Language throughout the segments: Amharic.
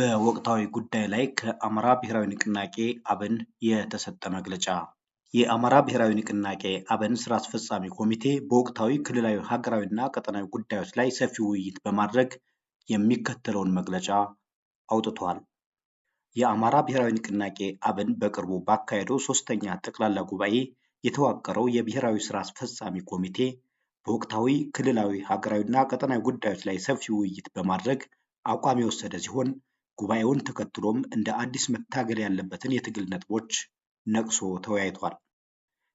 በወቅታዊ ጉዳይ ላይ ከአማራ ብሔራዊ ንቅናቄ አብን የተሰጠ መግለጫ። የአማራ ብሔራዊ ንቅናቄ አብን ስራ አስፈጻሚ ኮሚቴ በወቅታዊ ክልላዊ፣ ሀገራዊና ቀጠናዊ ጉዳዮች ላይ ሰፊ ውይይት በማድረግ የሚከተለውን መግለጫ አውጥቷል። የአማራ ብሔራዊ ንቅናቄ አብን በቅርቡ ባካሄደው ሶስተኛ ጠቅላላ ጉባኤ የተዋቀረው የብሔራዊ ስራ አስፈጻሚ ኮሚቴ በወቅታዊ ክልላዊ፣ ሀገራዊና ቀጠናዊ ጉዳዮች ላይ ሰፊ ውይይት በማድረግ አቋም የወሰደ ሲሆን ጉባኤውን ተከትሎም እንደ አዲስ መታገል ያለበትን የትግል ነጥቦች ነቅሶ ተወያይቷል።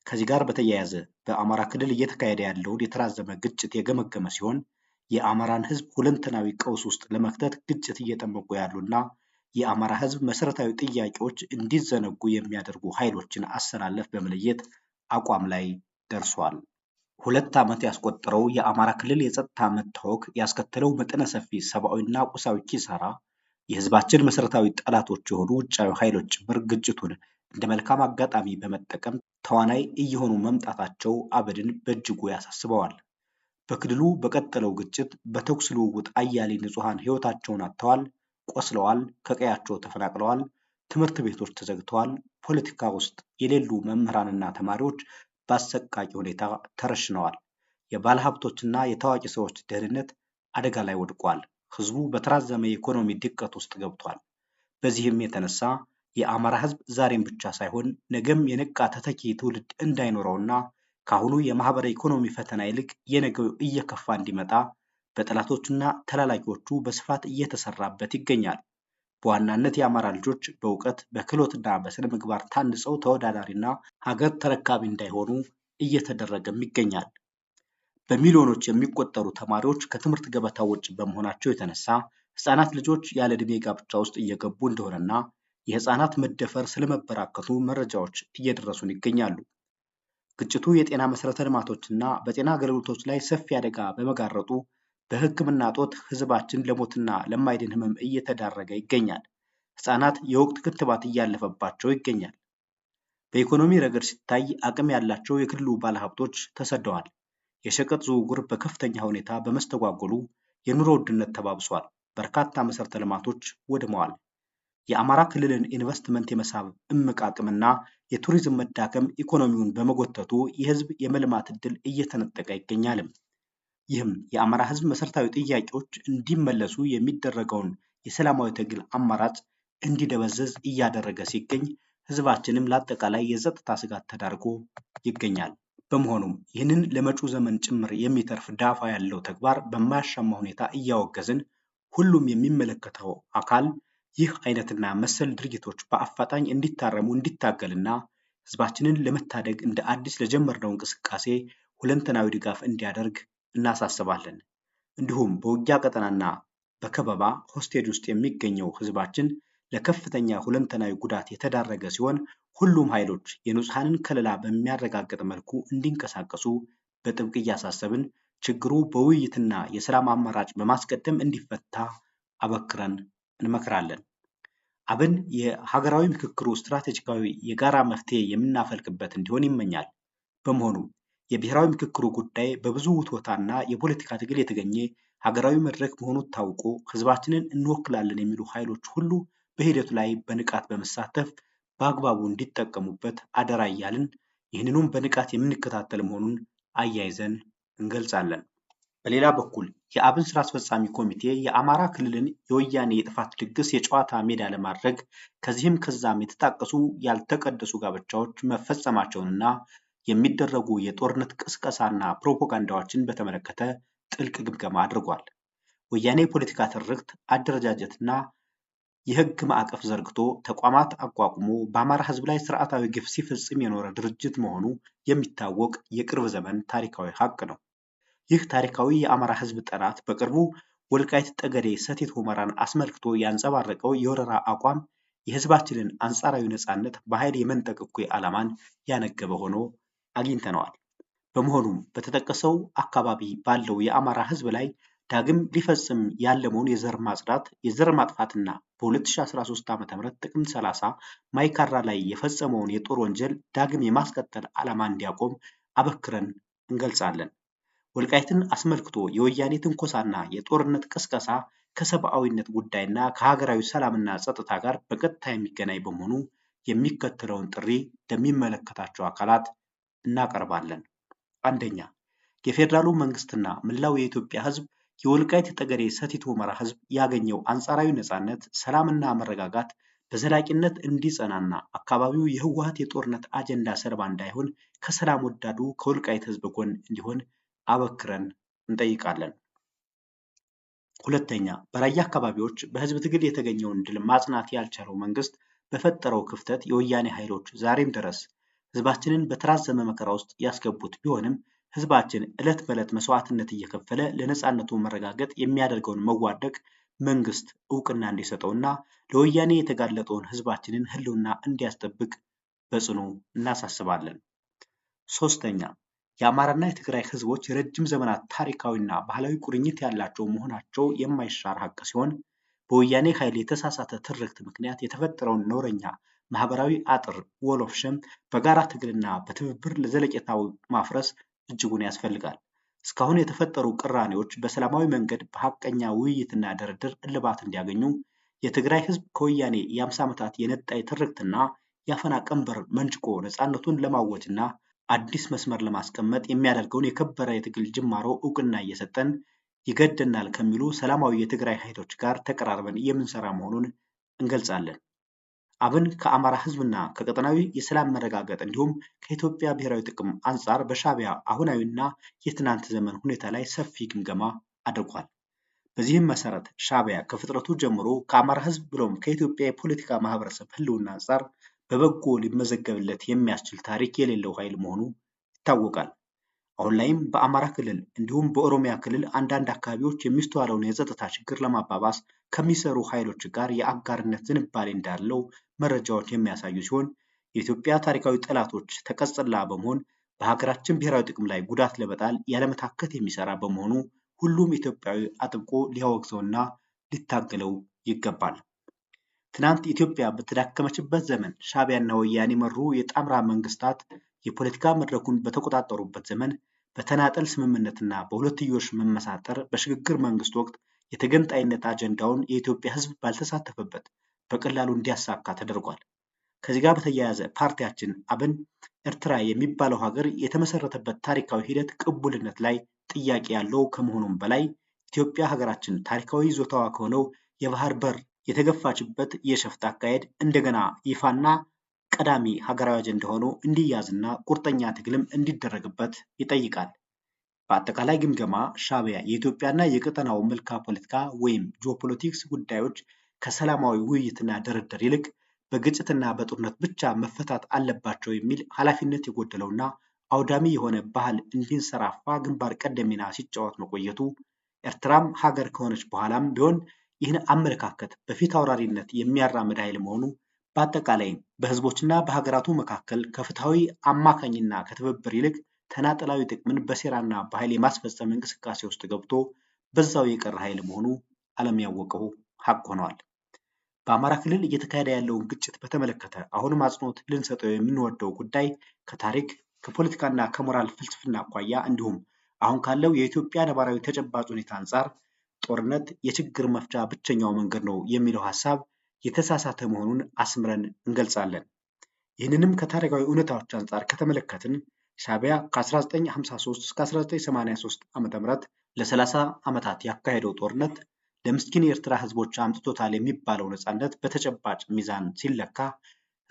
ከዚህ ጋር በተያያዘ በአማራ ክልል እየተካሄደ ያለውን የተራዘመ ግጭት የገመገመ ሲሆን የአማራን ሕዝብ ሁለንተናዊ ቀውስ ውስጥ ለመክተት ግጭት እየጠመቁ ያሉና የአማራ ሕዝብ መሰረታዊ ጥያቄዎች እንዲዘነጉ የሚያደርጉ ኃይሎችን አሰላለፍ በመለየት አቋም ላይ ደርሷል። ሁለት ዓመት ያስቆጠረው የአማራ ክልል የጸጥታ መታወክ ያስከተለው መጠነ ሰፊ ሰብአዊና ቁሳዊ ኪሳራ የህዝባችን መሰረታዊ ጠላቶች የሆኑ ውጫዊ ኃይሎች ጭምር ግጭቱን እንደ መልካም አጋጣሚ በመጠቀም ተዋናይ እየሆኑ መምጣታቸው አብድን በእጅጉ ያሳስበዋል። በክልሉ በቀጠለው ግጭት በተኩስ ልውውጥ አያሌ ንጹሐን ህይወታቸውን አጥተዋል፣ ቆስለዋል፣ ከቀያቸው ተፈናቅለዋል፣ ትምህርት ቤቶች ተዘግተዋል። ፖለቲካ ውስጥ የሌሉ መምህራንና ተማሪዎች በአሰቃቂ ሁኔታ ተረሽነዋል። የባለሀብቶችና የታዋቂ ሰዎች ደህንነት አደጋ ላይ ወድቋል። ህዝቡ በተራዘመ የኢኮኖሚ ድቀት ውስጥ ገብቷል። በዚህም የተነሳ የአማራ ህዝብ ዛሬም ብቻ ሳይሆን ነገም የነቃ ተተኪ ትውልድ እንዳይኖረውና ከአሁኑ የማህበረ ኢኮኖሚ ፈተና ይልቅ የነገው እየከፋ እንዲመጣ በጠላቶችና ተላላኪዎቹ በስፋት እየተሰራበት ይገኛል። በዋናነት የአማራ ልጆች በእውቀት በክህሎትና በስነ ምግባር ታንጸው ተወዳዳሪና ሀገር ተረካቢ እንዳይሆኑ እየተደረገም ይገኛል። በሚሊዮኖች የሚቆጠሩ ተማሪዎች ከትምህርት ገበታ ውጭ በመሆናቸው የተነሳ ህጻናት ልጆች ያለ ዕድሜ ጋብቻ ውስጥ እየገቡ እንደሆነና የህፃናት መደፈር ስለመበራከቱ መረጃዎች እየደረሱን ይገኛሉ። ግጭቱ የጤና መሠረተ ልማቶችና በጤና አገልግሎቶች ላይ ሰፊ አደጋ በመጋረጡ በህክምና ጦት ህዝባችን ለሞትና ለማይድን ህመም እየተዳረገ ይገኛል። ህፃናት የወቅት ክትባት እያለፈባቸው ይገኛል። በኢኮኖሚ ረገድ ሲታይ አቅም ያላቸው የክልሉ ባለሀብቶች ተሰደዋል። የሸቀጥ ዝውውር በከፍተኛ ሁኔታ በመስተጓጎሉ የኑሮ ውድነት ተባብሷል። በርካታ መሰረተ ልማቶች ወድመዋል። የአማራ ክልልን ኢንቨስትመንት የመሳብ እምቅ አቅምና የቱሪዝም መዳከም ኢኮኖሚውን በመጎተቱ የህዝብ የመልማት እድል እየተነጠቀ ይገኛልም። ይህም የአማራ ህዝብ መሰረታዊ ጥያቄዎች እንዲመለሱ የሚደረገውን የሰላማዊ ትግል አማራጭ እንዲደበዘዝ እያደረገ ሲገኝ ህዝባችንም ለአጠቃላይ የጸጥታ ስጋት ተዳርጎ ይገኛል። በመሆኑም ይህንን ለመጪው ዘመን ጭምር የሚተርፍ ዳፋ ያለው ተግባር በማያሻማ ሁኔታ እያወገዝን ሁሉም የሚመለከተው አካል ይህ አይነትና መሰል ድርጊቶች በአፋጣኝ እንዲታረሙ እንዲታገልና ህዝባችንን ለመታደግ እንደ አዲስ ለጀመርነው እንቅስቃሴ ሁለንተናዊ ድጋፍ እንዲያደርግ እናሳስባለን። እንዲሁም በውጊያ ቀጠናና በከበባ ሆስቴጅ ውስጥ የሚገኘው ህዝባችን ለከፍተኛ ሁለንተናዊ ጉዳት የተዳረገ ሲሆን ሁሉም ኃይሎች የንጹሐንን ከለላ በሚያረጋግጥ መልኩ እንዲንቀሳቀሱ በጥብቅ እያሳሰብን ችግሩ በውይይትና የሰላም አማራጭ በማስቀደም እንዲፈታ አበክረን እንመክራለን። አብን የሀገራዊ ምክክሩ ስትራቴጂካዊ የጋራ መፍትሄ የምናፈልቅበት እንዲሆን ይመኛል። በመሆኑ የብሔራዊ ምክክሩ ጉዳይ በብዙ ውትወታና የፖለቲካ ትግል የተገኘ ሀገራዊ መድረክ መሆኑ ታውቆ ህዝባችንን እንወክላለን የሚሉ ኃይሎች ሁሉ በሂደቱ ላይ በንቃት በመሳተፍ በአግባቡ እንዲጠቀሙበት አደራ እያልን ይህንኑም በንቃት የምንከታተል መሆኑን አያይዘን እንገልጻለን። በሌላ በኩል የአብን ስራ አስፈጻሚ ኮሚቴ የአማራ ክልልን የወያኔ የጥፋት ድግስ የጨዋታ ሜዳ ለማድረግ ከዚህም ከዛም የተጣቀሱ ያልተቀደሱ ጋብቻዎች መፈጸማቸውንና የሚደረጉ የጦርነት ቅስቀሳና ፕሮፓጋንዳዎችን በተመለከተ ጥልቅ ግምገማ አድርጓል። ወያኔ የፖለቲካ ትርክት አደረጃጀትና የህግ ማዕቀፍ ዘርግቶ ተቋማት አቋቁሞ በአማራ ህዝብ ላይ ስርዓታዊ ግፍ ሲፈጽም የኖረ ድርጅት መሆኑ የሚታወቅ የቅርብ ዘመን ታሪካዊ ሀቅ ነው። ይህ ታሪካዊ የአማራ ህዝብ ጠላት በቅርቡ ወልቃይት ጠገዴ ሰቲት ሁመራን አስመልክቶ ያንጸባረቀው የወረራ አቋም የህዝባችንን አንጻራዊ ነፃነት በኃይል የመንጠቅ እኩይ ዓላማን ያነገበ ሆኖ አግኝተነዋል። በመሆኑም በተጠቀሰው አካባቢ ባለው የአማራ ህዝብ ላይ ዳግም ሊፈጽም ያለመውን የዘር ማጽዳት የዘር ማጥፋትና በ2013 ዓ ም ጥቅምት 30 ማይካራ ላይ የፈጸመውን የጦር ወንጀል ዳግም የማስቀጠል ዓላማ እንዲያቆም አበክረን እንገልጻለን። ወልቃይትን አስመልክቶ የወያኔ ትንኮሳና የጦርነት ቅስቀሳ ከሰብአዊነት ጉዳይና ከሀገራዊ ሰላምና ጸጥታ ጋር በቀጥታ የሚገናኝ በመሆኑ የሚከተለውን ጥሪ ለሚመለከታቸው አካላት እናቀርባለን። አንደኛ፣ የፌዴራሉ መንግስትና ምላው የኢትዮጵያ ሕዝብ የወልቃይት ጠገዴ ሰቲት ሁመራ ህዝብ ያገኘው አንጻራዊ ነጻነት፣ ሰላምና መረጋጋት በዘላቂነት እንዲጸናና አካባቢው የህወሀት የጦርነት አጀንዳ ሰለባ እንዳይሆን ከሰላም ወዳዱ ከወልቃይት ህዝብ ጎን እንዲሆን አበክረን እንጠይቃለን። ሁለተኛ፣ በራያ አካባቢዎች በህዝብ ትግል የተገኘውን ድል ማጽናት ያልቻለው መንግስት በፈጠረው ክፍተት የወያኔ ኃይሎች ዛሬም ድረስ ህዝባችንን በተራዘመ መከራ ውስጥ ያስገቡት ቢሆንም ህዝባችን ዕለት በዕለት መስዋዕትነት እየከፈለ ለነፃነቱ መረጋገጥ የሚያደርገውን መዋደቅ መንግስት እውቅና እንዲሰጠውና ለወያኔ የተጋለጠውን ህዝባችንን ህልውና እንዲያስጠብቅ በጽኑ እናሳስባለን። ሶስተኛ የአማራና የትግራይ ህዝቦች የረጅም ዘመናት ታሪካዊና ባህላዊ ቁርኝት ያላቸው መሆናቸው የማይሻር ሀቅ ሲሆን በወያኔ ኃይል የተሳሳተ ትርክት ምክንያት የተፈጠረውን ነውረኛ ማህበራዊ አጥር ወሎፍሽም በጋራ ትግልና በትብብር ለዘለቄታዊ ማፍረስ እጅጉን ያስፈልጋል። እስካሁን የተፈጠሩ ቅራኔዎች በሰላማዊ መንገድ በሀቀኛ ውይይትና ድርድር እልባት እንዲያገኙ የትግራይ ህዝብ ከወያኔ የአምሳ ዓመታት የነጣይ ትርክትና የአፈና ቀንበር መንጭቆ ነፃነቱን ለማወጅና አዲስ መስመር ለማስቀመጥ የሚያደርገውን የከበረ የትግል ጅማሮ እውቅና እየሰጠን ይገደናል ከሚሉ ሰላማዊ የትግራይ ኃይሎች ጋር ተቀራርበን የምንሰራ መሆኑን እንገልጻለን። አብን ከአማራ ህዝብና ከቀጠናዊ የሰላም መረጋገጥ እንዲሁም ከኢትዮጵያ ብሔራዊ ጥቅም አንጻር በሻቢያ አሁናዊና የትናንት ዘመን ሁኔታ ላይ ሰፊ ግምገማ አድርጓል። በዚህም መሰረት ሻቢያ ከፍጥረቱ ጀምሮ ከአማራ ህዝብ ብሎም ከኢትዮጵያ የፖለቲካ ማህበረሰብ ህልውና አንጻር በበጎ ሊመዘገብለት የሚያስችል ታሪክ የሌለው ኃይል መሆኑ ይታወቃል። አሁን ላይም በአማራ ክልል እንዲሁም በኦሮሚያ ክልል አንዳንድ አካባቢዎች የሚስተዋለውን የጸጥታ ችግር ለማባባስ ከሚሰሩ ኃይሎች ጋር የአጋርነት ዝንባሌ እንዳለው መረጃዎች የሚያሳዩ ሲሆን የኢትዮጵያ ታሪካዊ ጠላቶች ተቀጽላ በመሆን በሀገራችን ብሔራዊ ጥቅም ላይ ጉዳት ለመጣል ያለመታከት የሚሰራ በመሆኑ ሁሉም ኢትዮጵያዊ አጥብቆ ሊያወግዘውና ሊታገለው ይገባል። ትናንት ኢትዮጵያ በተዳከመችበት ዘመን ሻቢያና ወያኔ መሩ የጣምራ መንግስታት የፖለቲካ መድረኩን በተቆጣጠሩበት ዘመን በተናጠል ስምምነትና በሁለትዮሽ መመሳጠር በሽግግር መንግስት ወቅት የተገንጣይነት አጀንዳውን የኢትዮጵያ ሕዝብ ባልተሳተፈበት በቀላሉ እንዲያሳካ ተደርጓል። ከዚህ ጋር በተያያዘ ፓርቲያችን አብን ኤርትራ የሚባለው ሀገር የተመሰረተበት ታሪካዊ ሂደት ቅቡልነት ላይ ጥያቄ ያለው ከመሆኑም በላይ ኢትዮጵያ ሀገራችን ታሪካዊ ይዞታዋ ከሆነው የባህር በር የተገፋችበት የሸፍጥ አካሄድ እንደገና ይፋና ቀዳሚ ሀገራዊ አጀንዳ ሆኖ እንዲያዝና ቁርጠኛ ትግልም እንዲደረግበት ይጠይቃል። በአጠቃላይ ግምገማ ሻዕቢያ የኢትዮጵያና የቀጠናው መልካ ፖለቲካ ወይም ጂኦፖለቲክስ ጉዳዮች ከሰላማዊ ውይይትና ድርድር ይልቅ በግጭትና በጦርነት ብቻ መፈታት አለባቸው የሚል ኃላፊነት የጎደለውና አውዳሚ የሆነ ባህል እንዲንሰራፋ ግንባር ቀደም ሚና ሲጫወት መቆየቱ ኤርትራም ሀገር ከሆነች በኋላም ቢሆን ይህን አመለካከት በፊት አውራሪነት የሚያራምድ ኃይል መሆኑ በአጠቃላይም በህዝቦችና በሀገራቱ መካከል ከፍትሐዊ አማካኝና ከትብብር ይልቅ ተናጠላዊ ጥቅምን በሴራና በኃይል የማስፈጸም እንቅስቃሴ ውስጥ ገብቶ በዛው የቀረ ኃይል መሆኑ ዓለም ያወቀው ሀቅ ሆነዋል። በአማራ ክልል እየተካሄደ ያለውን ግጭት በተመለከተ አሁንም አጽንኦት ልንሰጠው የምንወደው ጉዳይ ከታሪክ ከፖለቲካና ከሞራል ፍልስፍና አኳያ እንዲሁም አሁን ካለው የኢትዮጵያ ነባራዊ ተጨባጭ ሁኔታ አንጻር ጦርነት የችግር መፍቻ ብቸኛው መንገድ ነው የሚለው ሀሳብ የተሳሳተ መሆኑን አስምረን እንገልጻለን። ይህንንም ከታሪካዊ እውነታዎች አንጻር ከተመለከትን ሻቢያ ከ1953 እስከ 1983 ዓ ም ለ30 ዓመታት ያካሄደው ጦርነት ለምስኪን የኤርትራ ህዝቦች አምጥቶታል የሚባለው ነፃነት በተጨባጭ ሚዛን ሲለካ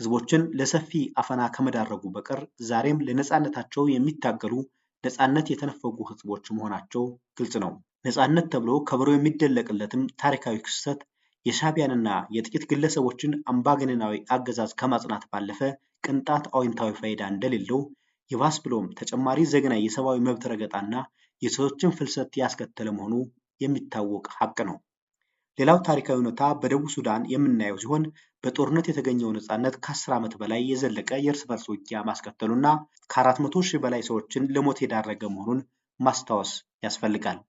ህዝቦችን ለሰፊ አፈና ከመዳረጉ በቀር ዛሬም ለነፃነታቸው የሚታገሉ ነፃነት የተነፈጉ ህዝቦች መሆናቸው ግልጽ ነው። ነፃነት ተብሎ ከበሮ የሚደለቅለትም ታሪካዊ ክስተት የሻቢያንና የጥቂት ግለሰቦችን አምባገነናዊ አገዛዝ ከማጽናት ባለፈ ቅንጣት አዎንታዊ ፋይዳ እንደሌለው ይባስ ብሎም ተጨማሪ ዘግናኝ የሰብአዊ መብት ረገጣና የሰዎችን ፍልሰት ያስከተለ መሆኑ የሚታወቅ ሀቅ ነው። ሌላው ታሪካዊ እውነታ በደቡብ ሱዳን የምናየው ሲሆን በጦርነት የተገኘው ነፃነት ከአስር ዓመት በላይ የዘለቀ የእርስ በርስ ውጊያ ማስከተሉና ከአራት መቶ ሺህ በላይ ሰዎችን ለሞት የዳረገ መሆኑን ማስታወስ ያስፈልጋል።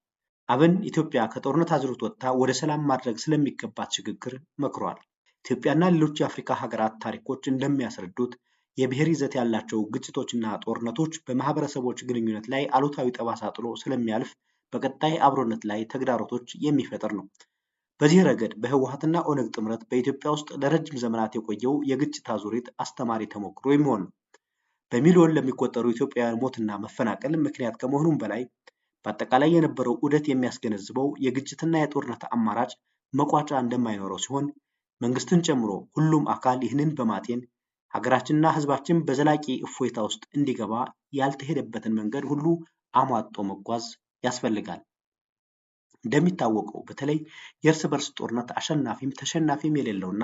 አብን ኢትዮጵያ ከጦርነት አዙሪት ወጥታ ወደ ሰላም ማድረግ ስለሚገባት ሽግግር መክሯል። ኢትዮጵያና ሌሎች የአፍሪካ ሀገራት ታሪኮች እንደሚያስረዱት የብሔር ይዘት ያላቸው ግጭቶችና ጦርነቶች በማህበረሰቦች ግንኙነት ላይ አሉታዊ ጠባሳ ጥሎ ስለሚያልፍ በቀጣይ አብሮነት ላይ ተግዳሮቶች የሚፈጥር ነው። በዚህ ረገድ በህወሀትና ኦነግ ጥምረት በኢትዮጵያ ውስጥ ለረጅም ዘመናት የቆየው የግጭት አዙሪት አስተማሪ ተሞክሮ የሚሆን ነው። በሚሊዮን ለሚቆጠሩ ኢትዮጵያውያን ሞትና መፈናቀል ምክንያት ከመሆኑም በላይ በአጠቃላይ የነበረው ዑደት የሚያስገነዝበው የግጭትና የጦርነት አማራጭ መቋጫ እንደማይኖረው ሲሆን መንግስትን ጨምሮ ሁሉም አካል ይህንን በማጤን ሀገራችንና ህዝባችን በዘላቂ እፎይታ ውስጥ እንዲገባ ያልተሄደበትን መንገድ ሁሉ አሟጦ መጓዝ ያስፈልጋል። እንደሚታወቀው በተለይ የእርስ በርስ ጦርነት አሸናፊም ተሸናፊም የሌለውና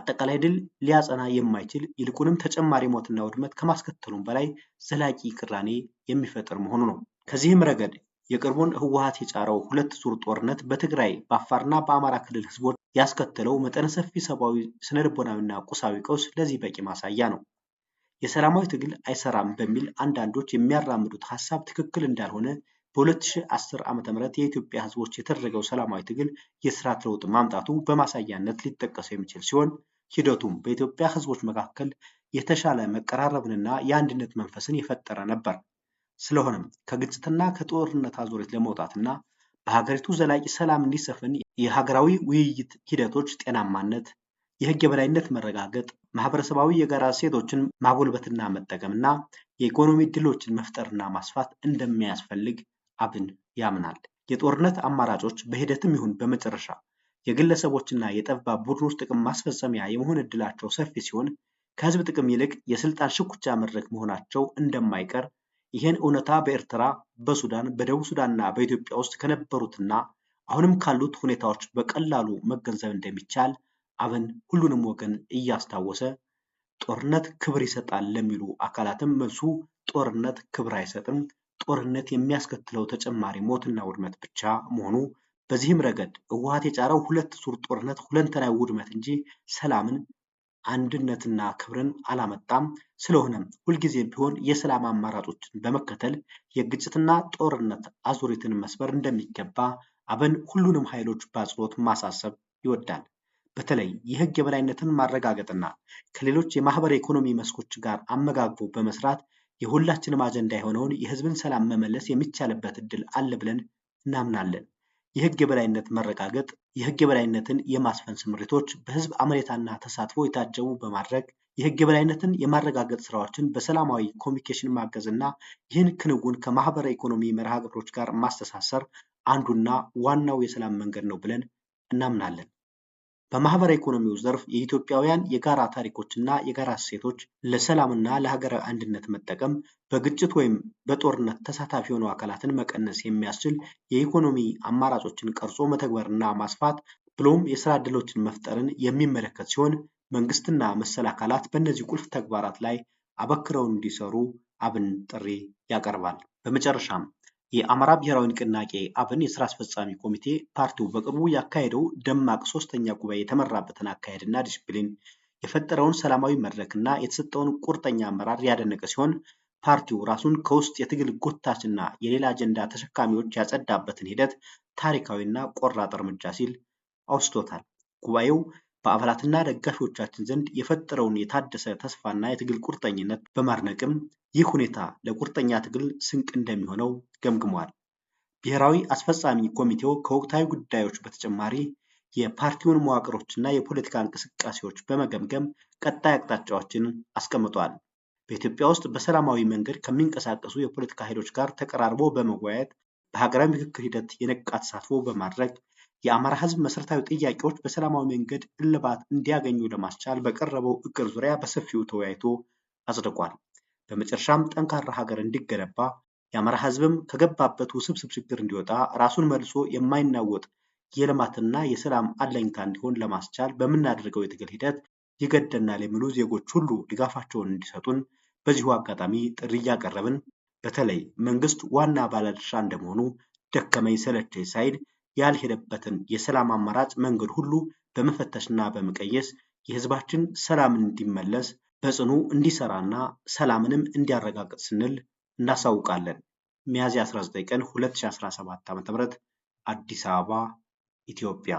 አጠቃላይ ድል ሊያጸና የማይችል ይልቁንም ተጨማሪ ሞትና ውድመት ከማስከተሉም በላይ ዘላቂ ቅራኔ የሚፈጥር መሆኑ ነው። ከዚህም ረገድ የቅርቡን ህወሀት የጫረው ሁለት ዙር ጦርነት በትግራይ በአፋርና በአማራ ክልል ህዝቦች ያስከተለው መጠነ ሰፊ ሰብአዊ፣ ስነልቦናዊና ቁሳዊ ቀውስ ለዚህ በቂ ማሳያ ነው። የሰላማዊ ትግል አይሰራም በሚል አንዳንዶች የሚያራምዱት ሀሳብ ትክክል እንዳልሆነ በ2010 ዓ ም የኢትዮጵያ ህዝቦች የተደረገው ሰላማዊ ትግል የስርዓት ለውጥ ማምጣቱ በማሳያነት ሊጠቀስ የሚችል ሲሆን ሂደቱም በኢትዮጵያ ህዝቦች መካከል የተሻለ መቀራረብንና የአንድነት መንፈስን የፈጠረ ነበር። ስለሆነም ከግጭትና ከጦርነት አዙሪት ለመውጣትና በሀገሪቱ ዘላቂ ሰላም እንዲሰፍን የሀገራዊ ውይይት ሂደቶች ጤናማነት፣ የህግ የበላይነት መረጋገጥ፣ ማህበረሰባዊ የጋራ እሴቶችን ማጎልበትና መጠቀምና የኢኮኖሚ ድሎችን መፍጠርና ማስፋት እንደሚያስፈልግ አብን ያምናል። የጦርነት አማራጮች በሂደትም ይሁን በመጨረሻ የግለሰቦችና የጠባብ ቡድኖች ጥቅም ማስፈጸሚያ የመሆን እድላቸው ሰፊ ሲሆን ከህዝብ ጥቅም ይልቅ የስልጣን ሽኩቻ መድረክ መሆናቸው እንደማይቀር ይህን እውነታ በኤርትራ፣ በሱዳን፣ በደቡብ ሱዳንና በኢትዮጵያ ውስጥ ከነበሩትና አሁንም ካሉት ሁኔታዎች በቀላሉ መገንዘብ እንደሚቻል አብን ሁሉንም ወገን እያስታወሰ ጦርነት ክብር ይሰጣል ለሚሉ አካላትም መልሱ ጦርነት ክብር አይሰጥም፣ ጦርነት የሚያስከትለው ተጨማሪ ሞትና ውድመት ብቻ መሆኑ በዚህም ረገድ ህወሓት የጫረው ሁለት ሱር ጦርነት ሁለንተናዊ ውድመት እንጂ ሰላምን አንድነትና ክብርን አላመጣም። ስለሆነም ሁልጊዜም ቢሆን የሰላም አማራጮችን በመከተል የግጭትና ጦርነት አዙሪትን መስበር እንደሚገባ አብን ሁሉንም ኃይሎች በአጽንኦት ማሳሰብ ይወዳል። በተለይ የህግ የበላይነትን ማረጋገጥና ከሌሎች የማህበር ኢኮኖሚ መስኮች ጋር አመጋግቦ በመስራት የሁላችንም አጀንዳ የሆነውን የህዝብን ሰላም መመለስ የሚቻልበት እድል አለ ብለን እናምናለን። የህግ የበላይነት መረጋገጥ የህግ የበላይነትን የማስፈን ስምሪቶች በህዝብ አመኔታና ተሳትፎ የታጀቡ በማድረግ የህግ የበላይነትን የማረጋገጥ ስራዎችን በሰላማዊ ኮሚኒኬሽን ማገዝና ይህን ክንውን ከማህበረ ኢኮኖሚ መርሃ ግብሮች ጋር ማስተሳሰር አንዱና ዋናው የሰላም መንገድ ነው ብለን እናምናለን። በማህበረ ኢኮኖሚው ዘርፍ የኢትዮጵያውያን የጋራ ታሪኮችና የጋራ እሴቶች ለሰላምና ለሀገራዊ አንድነት መጠቀም በግጭት ወይም በጦርነት ተሳታፊ የሆኑ አካላትን መቀነስ የሚያስችል የኢኮኖሚ አማራጮችን ቀርጾ መተግበርና ማስፋት ብሎም የስራ ዕድሎችን መፍጠርን የሚመለከት ሲሆን መንግስትና መሰል አካላት በእነዚህ ቁልፍ ተግባራት ላይ አበክረው እንዲሰሩ አብን ጥሪ ያቀርባል። በመጨረሻም የአማራ ብሔራዊ ንቅናቄ አብን የስራ አስፈጻሚ ኮሚቴ ፓርቲው በቅርቡ ያካሄደው ደማቅ ሶስተኛ ጉባኤ የተመራበትን አካሄድና ዲስፕሊን የፈጠረውን ሰላማዊ መድረክ እና የተሰጠውን ቁርጠኛ አመራር ያደነቀ ሲሆን ፓርቲው ራሱን ከውስጥ የትግል ጎታችና የሌላ አጀንዳ ተሸካሚዎች ያጸዳበትን ሂደት ታሪካዊና ቆራጥ እርምጃ ሲል አውስቶታል። ጉባኤው በአባላትና ደጋፊዎቻችን ዘንድ የፈጠረውን የታደሰ ተስፋና የትግል ቁርጠኝነት በማድነቅም ይህ ሁኔታ ለቁርጠኛ ትግል ስንቅ እንደሚሆነው ገምግመዋል። ብሔራዊ አስፈጻሚ ኮሚቴው ከወቅታዊ ጉዳዮች በተጨማሪ የፓርቲውን መዋቅሮችና የፖለቲካ እንቅስቃሴዎች በመገምገም ቀጣይ አቅጣጫዎችን አስቀምጧል። በኢትዮጵያ ውስጥ በሰላማዊ መንገድ ከሚንቀሳቀሱ የፖለቲካ ኃይሎች ጋር ተቀራርቦ በመወያየት በሀገራዊ ምክክር ሂደት የነቃ ተሳትፎ በማድረግ የአማራ ህዝብ መሰረታዊ ጥያቄዎች በሰላማዊ መንገድ እልባት እንዲያገኙ ለማስቻል በቀረበው እቅድ ዙሪያ በሰፊው ተወያይቶ አጽድቋል። በመጨረሻም ጠንካራ ሀገር እንዲገነባ የአማራ ህዝብም ከገባበት ውስብስብ ችግር እንዲወጣ ራሱን መልሶ የማይናወጥ የልማትና የሰላም አለኝታ እንዲሆን ለማስቻል በምናደርገው የትግል ሂደት ይገደናል የሚሉ ዜጎች ሁሉ ድጋፋቸውን እንዲሰጡን በዚሁ አጋጣሚ ጥሪ እያቀረብን በተለይ መንግስት ዋና ባለድርሻ እንደመሆኑ ደከመኝ ሰለቸኝ ሳይል ያልሄደበትን የሰላም አማራጭ መንገድ ሁሉ በመፈተሽና በመቀየስ የህዝባችን ሰላም እንዲመለስ በጽኑ እንዲሰራና ሰላምንም እንዲያረጋግጥ ስንል እናሳውቃለን። ሚያዝያ 19 ቀን 2017 ዓ.ም አዲስ አበባ ኢትዮጵያ